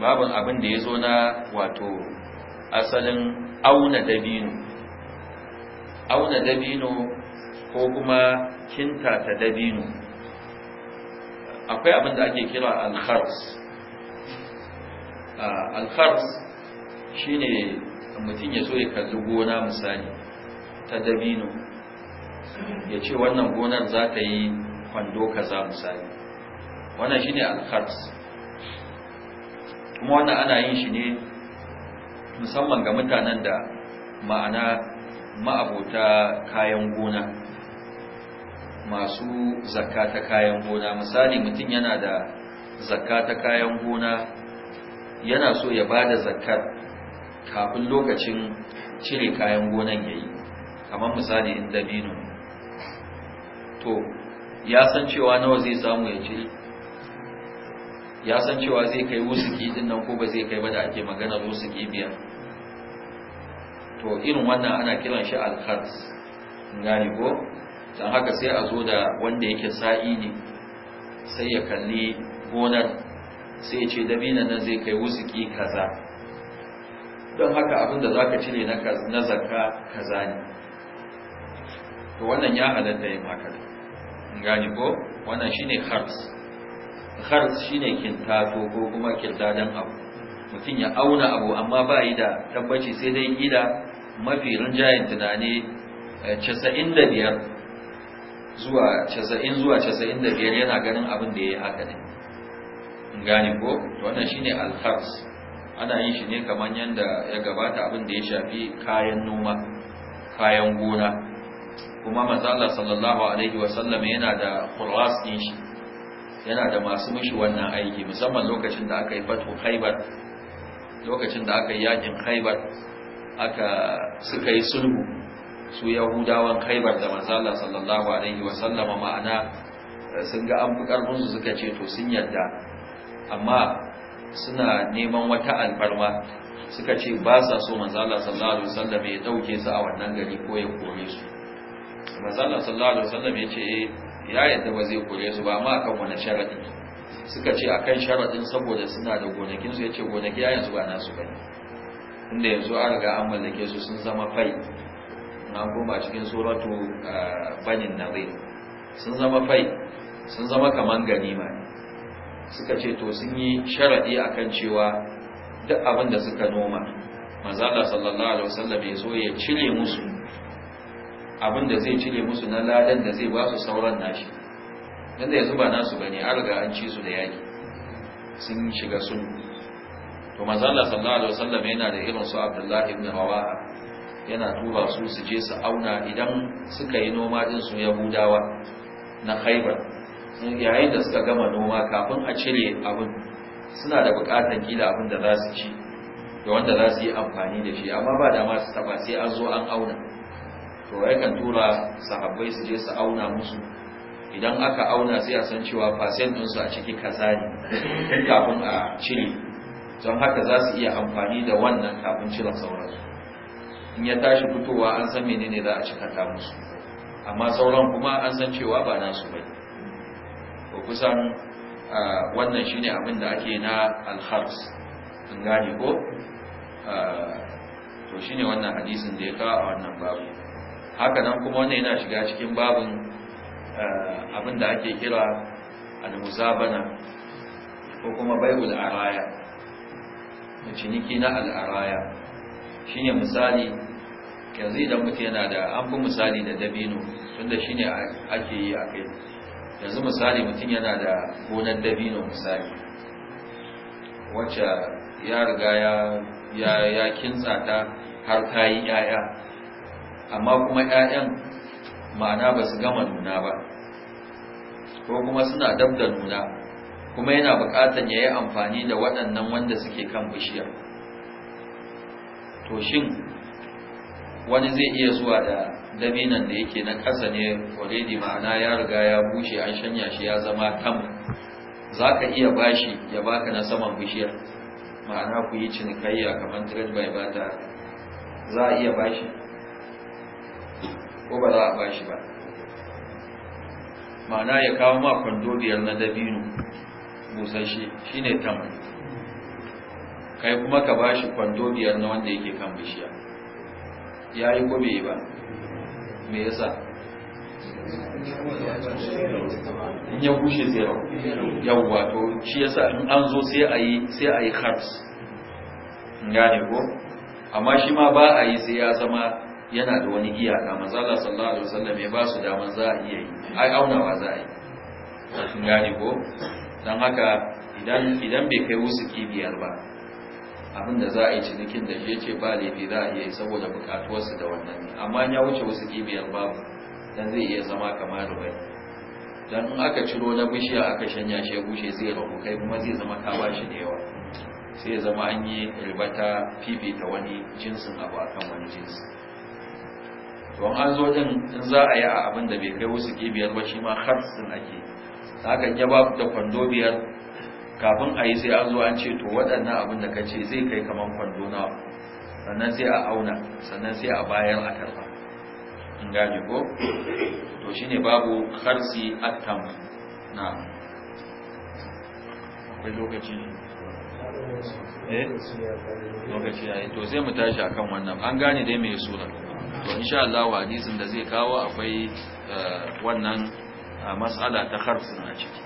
babin abin da yazo na wato asalin auna dabino auna dabino ko kuma kinta ta dabino akwai abin da ake kira alkhars ah, alkhars shine mutum ya so ya kalli gona misali ta dabino ya ce wannan gonar za ta yi kwando kaza misali wannan shine alkhars kuma wannan ana yin shi ne musamman ga mutanen da ma'ana ma'abota kayan gona masu zakka ta kayan gona misali mutum yana da zakka ta kayan gona yana so ya ba da zakkar kafin lokacin cire kayan gonan ya yi kamar misali in dabino to ya san cewa nawa zai samu ya cire ya san cewa zai kai wusuki din nan ko ba zai kai ba da ake magana wusuki biyar to irin wannan ana kiran shi alkhaz gani ko don haka sai a zo da wanda yake sa'i ne sai ya kalli gonar sai ce dabina nan zai kai wusuki kaza don haka abinda za ka cire na zakka kaza ne to wannan ya halatta yin haka gani ko wannan shine hars hars shine kintato ko kuma kirdadan abu mutum ya auna abu amma ba yi da tabbaci sai dai gida mafi rinjayen tunani 95 eh, zuwa casa'in zuwa da biyar yana ganin abin da ya yi haka ne gane ko wannan shine al-khars ana yin shi ne kamar yadda ya gabata abin da ya shafi kayan noma kayan gona kuma mazala sallallahu alaihi wasallam yana da qurras din shi yana da masu mishi wannan aiki musamman lokacin da aka yi fatu khaybar lokacin da aka yi yakin khaybar aka suka yi sulhu su yahudawan kaibar da manzo Allah sallallahu alaihi wa sallama ma'ana eh, sun ga an fi ƙarfinsu su suka ce to sun yadda amma suna neman wata alfarma suka ce ba sa so manzo Allah sallallahu alaihi wa ya dauke su a wannan gari ko ya kore su manzo Allah sallallahu alaihi wa ya ce eh, ya yadda ba zai kore su ba amma akan wani sharadi suka ce akan sharadin saboda suna da gonakin su ce gonaki ya yanzu ba nasu bane inda yanzu an riga an mallake su sun zama fai an goma cikin suratu ah, banin nawe sun zama fai sun zama kaman ganima ma. suka ce to sun yi sharaɗi akan cewa duk abin da suka noma manzala sallallahu alaihi wasallam ya so ya cire musu abin da zai cire musu na ladan da zai ba su sauran nashi dan da yanzu ba nasu bane an riga an ci su da yaki sun shiga sun to manzala sallallahu alaihi wasallam yana da irin su Abdullahi ibn Rawaha yana tura su su je su auna idan suka yi noma din su yahudawa na khaibar yayin da suka gama noma kafin a cire abin suna da bukatar gida abin da za su ci da wanda za su yi amfani da shi amma ba dama su taba sai an zo an auna to yakan tura sahabbai su je su auna musu idan aka auna sai a san cewa fasen ɗinsu a ciki kaza ne kafin a cire don haka za su iya amfani da wannan kafin cire sauransu in ya tashi fitowa an san menene za a cika ta musu amma sauran kuma an san cewa ba nasu bane ko kusan wannan shine abin da ake na al-khars in gane ko to shine wannan hadisin da ya kawo a wannan babu haka nan kuma wannan yana shiga cikin babin abin da ake kira al-muzabana ko kuma bai'ul araya ciniki na al-araya shine misali yanzu idan muke yana da an fi misali da dabino tunda shine ake yi a kai yanzu misali mutum yana da gonar dabino misali wacce ya riga ya ya kinsa ta har ta yi 'ya'ya amma kuma 'ya'yan ma'ana ba su gama nuna ba ko kuma suna dab da nuna kuma yana bukatan ya yi amfani da waɗannan wanda suke kan bishiyar to shin wani zai iya zuwa da daminan da yake na ƙasa ne already ma'ana ya riga ya bushe an shanya shi ya zama tam za ka iya bashi ya baka na saman bishiyar ma'ana ku yi cinikayya kamar trade by bata za a iya bashi ko ba za a bashi ba ma'ana ya kawo ma kwando biyar na dabino shi shine tamar kai kuma ka ba shi kwando biyar na wanda yake kan bishiya ya yi ko ba me yasa in ya kushe zero yau wato shi yasa in an zo sai a yi sai a yi gane ko amma shi ma ba a yi sai ya zama yana da wani iyaka manzala sallallahu alaihi wasallam ya ba su daman za a iya yi ai aunawa za a yi gane ko dan haka idan bai kai wusuki biyar ba abin da za a yi cinikin da shi ya ce ba laifi za a iya yi saboda bukatuwarsu da wannan ne amma ya wuce wasu kibiyar babu dan zai iya zama kama da bai dan in aka ciro na bishiya aka shanya shi ya bushe zai rabu kai kuma zai zama ka bashi da yawa sai ya zama an yi ribata fifita wani jinsin abu akan wani jinsi don an zo din in za a yi a abin da bai kai wasu kibiyar ba shi ma har sun ake da kwando biyar kafin a yi sai an zo an ce to waɗannan abin da ka ce zai kai kamar kwando na sannan sai a auna sannan sai a bayar a karfa in gaji ko to shine babu kharsi attam na akwai lokaci eh lokaci ya yi. to sai mu tashi akan wannan an gane dai me sura to insha Allah hadisin da zai kawo akwai eh, wannan eh, mas'ala ta kharsin a ciki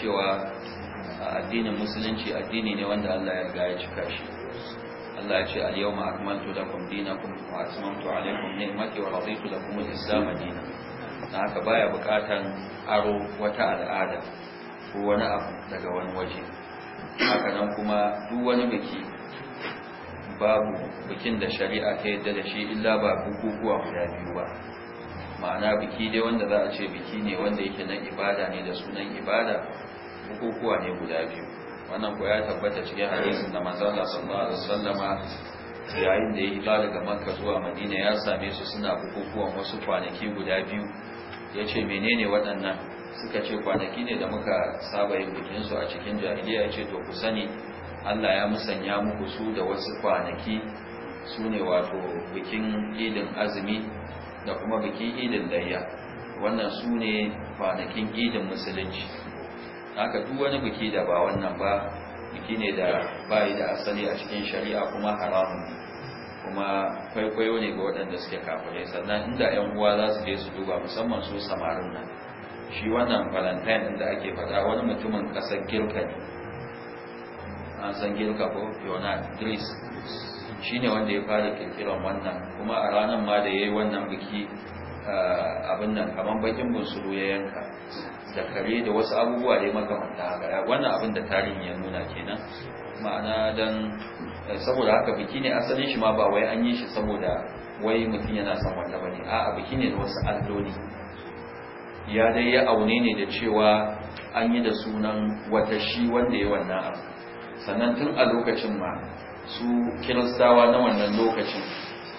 cewa addinin musulunci addini ne wanda Allah ya ga ya cika shi Allah ya ce al-yawma akmaltu lakum dinakum wa atmamtu alaykum ni'mati wa raditu lakum al-islam dinan dan haka baya bukatan aro wata al'ada ko wani abu daga wani waje haka nan kuma duk wani biki babu bikin da shari'a ta yadda da shi illa ba bukukuwa guda biyu ba ma'ana biki dai wanda za a ce biki ne wanda yake nan ibada ne da sunan ibada bukukuwa ne guda biyu wannan ko ya tabbata cikin hadisin da manzon Allah sallallahu alaihi wasallama yayin da ya hijira daga Makka zuwa Madina ya same su suna bukukuwan wasu kwanaki guda biyu yace menene waɗannan suka ce kwanaki ne da muka saba yin bikin su a cikin jahiliya yace to ku sani Allah ya musanya muku su da wasu kwanaki sune wato bikin idin azumi da kuma bikin idin layya wannan su ne kwanakin idin musulunci haka duk wani biki da ba wannan ba biki ne da bayi da asali a cikin shari'a kuma haramun kuma kwaikwayo ne ga waɗanda suke kafirai sannan inda 'yan uwa za su je su duba musamman su samarin nan shi wannan valentine da ake faɗa wani mutumin ƙasar girka ne an san girka ko yonat greece Shi ne wanda ya fara kirkiran wannan kuma a ranar ma da ya yi wannan biki abin nan bakin bunsuru ya yanka da kare da wasu abubuwa ya makamanta haka wannan abin da tarihi ya nuna kenan ma'ana don eh, saboda haka biki ne asalin shi ma ba wai an yi shi saboda wai mutum yana son wanda ne. a'a biki ne da wasu alloli ya dai ya aune ne da cewa an yi da sunan wata shi wanda ya wannan abu sannan tun a lokacin ma su kiristawa na wannan lokacin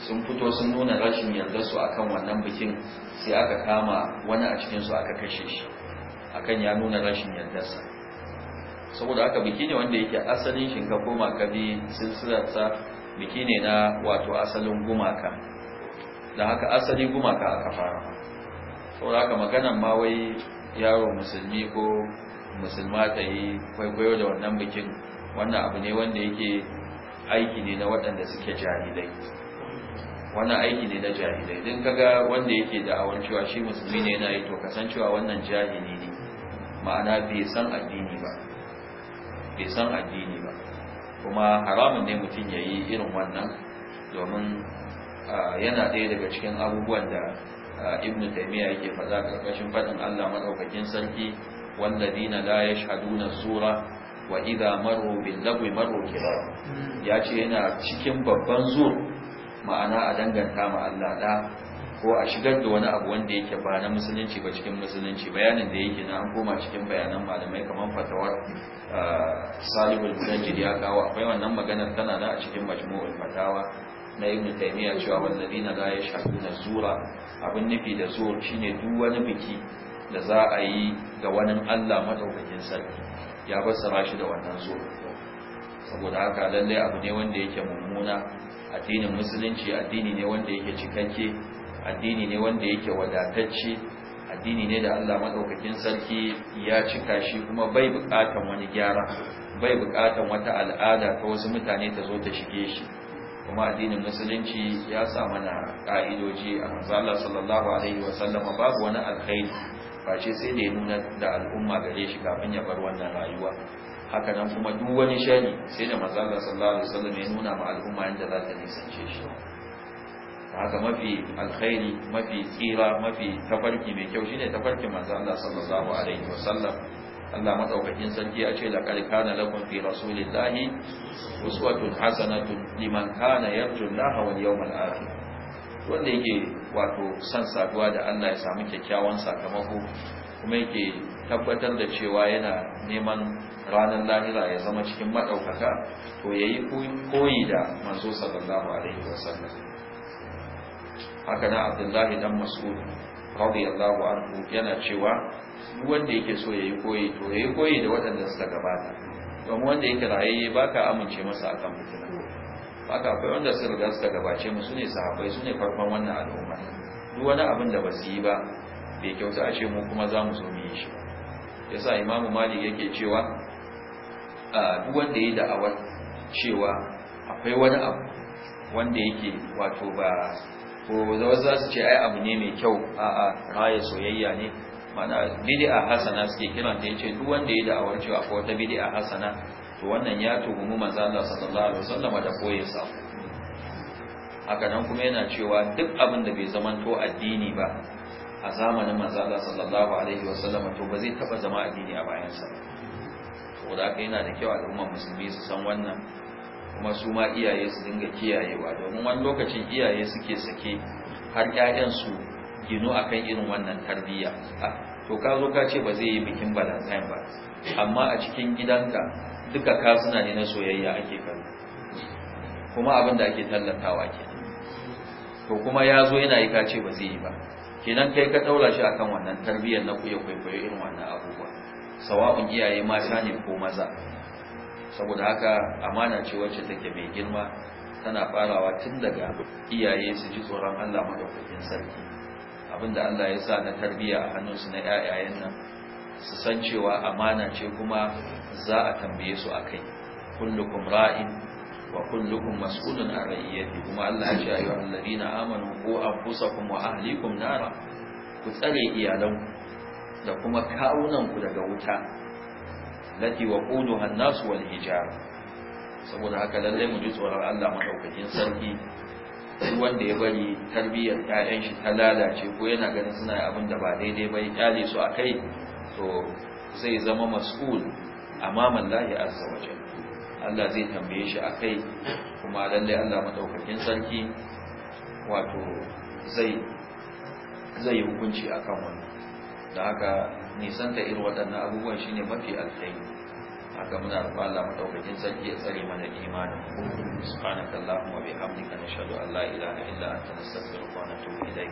sun fito sun nuna rashin yarda su akan wannan bikin sai aka kama wani a cikin su aka kashe shi akan ya nuna rashin sa saboda haka biki ne wanda yake asalin shi ka koma ka bi biki ne na wato asalin gumaka da haka asali gumaka aka fara saboda haka magana ma wai yaro musulmi ko musulma ta yi kwaikwayo da wannan bikin wannan abu ne wanda yake aiki ne na waɗanda suke jahilai wannan aiki ne na jahilai din kaga wanda yake da awon cewa shi musulmi ne yana yi to cewa wannan jahili ne ma'ana bai san addini ba bai san addini ba kuma haramun ne mutum ya yi irin wannan domin yana ɗaya daga cikin abubuwan da ibn taimiyya yake faɗa ƙarƙashin faɗin Allah Maɗaukakin sarki wanda Dina la yashhaduna sura wa idza maru bil lagwi maru kira ya ce yana cikin babban zur ma'ana a danganta ma Allah da ko a shigar da wani abu wanda yake ba na musulunci ba cikin musulunci bayanin da yake na an koma cikin bayanan malamai kamar fatawar ah, salihul mulanjid ya kawo akwai wannan maganar tana da a cikin majmu'ul fatawa na ibn taymiya cewa wallazina la yashhaduna zura abin nufi da zuwa shine duk wani biki da za a yi ga wani Allah madaukakin sarki ya fassara shi da wannan so saboda haka lallai abu ne wanda yake mummuna addinin musulunci addini ne wanda yake cikakke addini ne wanda yake wadatacce addini ne da Allah maɗaukakin sarki ya cika shi kuma bai buƙatan wani gyara bai buƙatan wata al'ada ta wasu mutane ta zo ta shige shi kuma addinin musulunci ya sa mana ƙa'idoji a manzo Allah sallallahu alaihi wasallam babu wani alkhairi face sai da ya nuna da al'umma gare shi kafin ya bar wannan rayuwa haka nan kuma duk wani shari sai da manzo Allah sallallahu alaihi wasallam ya nuna ma al'umma yadda za ta nisance shi haka mafi alkhairi mafi tsira mafi tafarki mai kyau shine tafarkin manzo Allah sallallahu alaihi wasallam Allah madaukakin sarki ya ce laqad kana lakum fi rasulillahi uswatun hasanatun liman kana yarju Allah wal yawmal akhir wanda yake wato son saduwa da Allah ya samu kyakkyawan sakamako kuma yake tabbatar da cewa yana neman ranar lahira ya zama cikin maɗaukaka to ya yi koyi da manzo sallallahu alaihi wasallam haka na abdullahi dan mas'ud radiyallahu anhu yana cewa duk wanda yake so ya yi koyi to ya yi koyi da waɗanda suka gabata domin wanda yake rayayye baka amince masa akan fitina haka akwai wanda suka riga suka gabace mu sune sahabbai sune farkon wannan al'umma duk wani abin da basu yi ba bai kyauta a ce mu kuma za mu zo mu yi shi yasa imamu malik yake cewa a duk wanda ya da'awa cewa akwai wani abu wanda yake wato ba ko da za su ce ai abu ne mai kyau a a kaya soyayya ne mana bid'a hasana suke kiran ta yace duk wanda ya da'awar cewa akwai wata bid'a hasana to wannan ya tuhumi manzo Allah sallallahu alaihi wasallam da koyin sa haka nan kuma yana cewa duk abin da bai to addini ba a zamanin manzo Allah sallallahu alaihi wasallam to ba zai taba zama addini a bayan sa da haka yana da kyau al'ummar musulmi su san wannan kuma su ma iyaye su dinga kiyayewa domin wani lokacin iyaye suke sake har ƴaƴan su gino akan irin wannan tarbiyya to ka zo ka ce ba zai yi bikin Valentine ba amma a cikin gidanka duka kasuna ne na soyayya ake kallo kuma abin da ake tallatawa ke to kuma ya zo yana yi kace ba zai yi ba kenan kai ka daura shi akan wannan tarbiyyar na kuya kwaikwayo irin wannan abubuwa sawa'un iyaye mata ne ko maza saboda haka amana ce wacce take mai girma tana farawa tun daga iyaye su ji tsoron Allah madaukakin sarki abinda Allah ya sa na tarbiya a hannunsu na 'ya'yayen nan su san cewa amana ce kuma za a tambaye su kai. kullukum ra'in wa kullukum mas'ulun an ra'iyati kuma Allah ya ce ayyuhal ladina amanu qu anfusakum wa ahlikum nara ku tsare iyalanku da kuma ku daga wuta lati wa an-nas wal hijar saboda haka lalle mu ji tsoron Allah madaukakin sarki duk wanda ya bari tarbiyyar ƴaƴan shi ta lalace ko yana ganin suna abin da ba daidai ba ya kyale su akai to zai zama mas'ul amaman lahi azza wa Allah zai tambaye shi akai kuma lalle Allah madaukakin sarki wato zai zai hukunci akan wannan da haka ta irin waɗannan abubuwan shine mafi alkhairi haka muna roƙon Allah madaukakin sarki ya tsare mana imani subhanaka allahumma bihamdika nashhadu an la ilaha illa anta nastaghfiruka wa natubu ilayk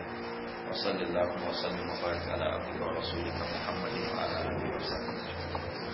wa sallallahu wa sallim wa barik ala abdika wa rasulika muhammadin wa ala alihi wa sahbihi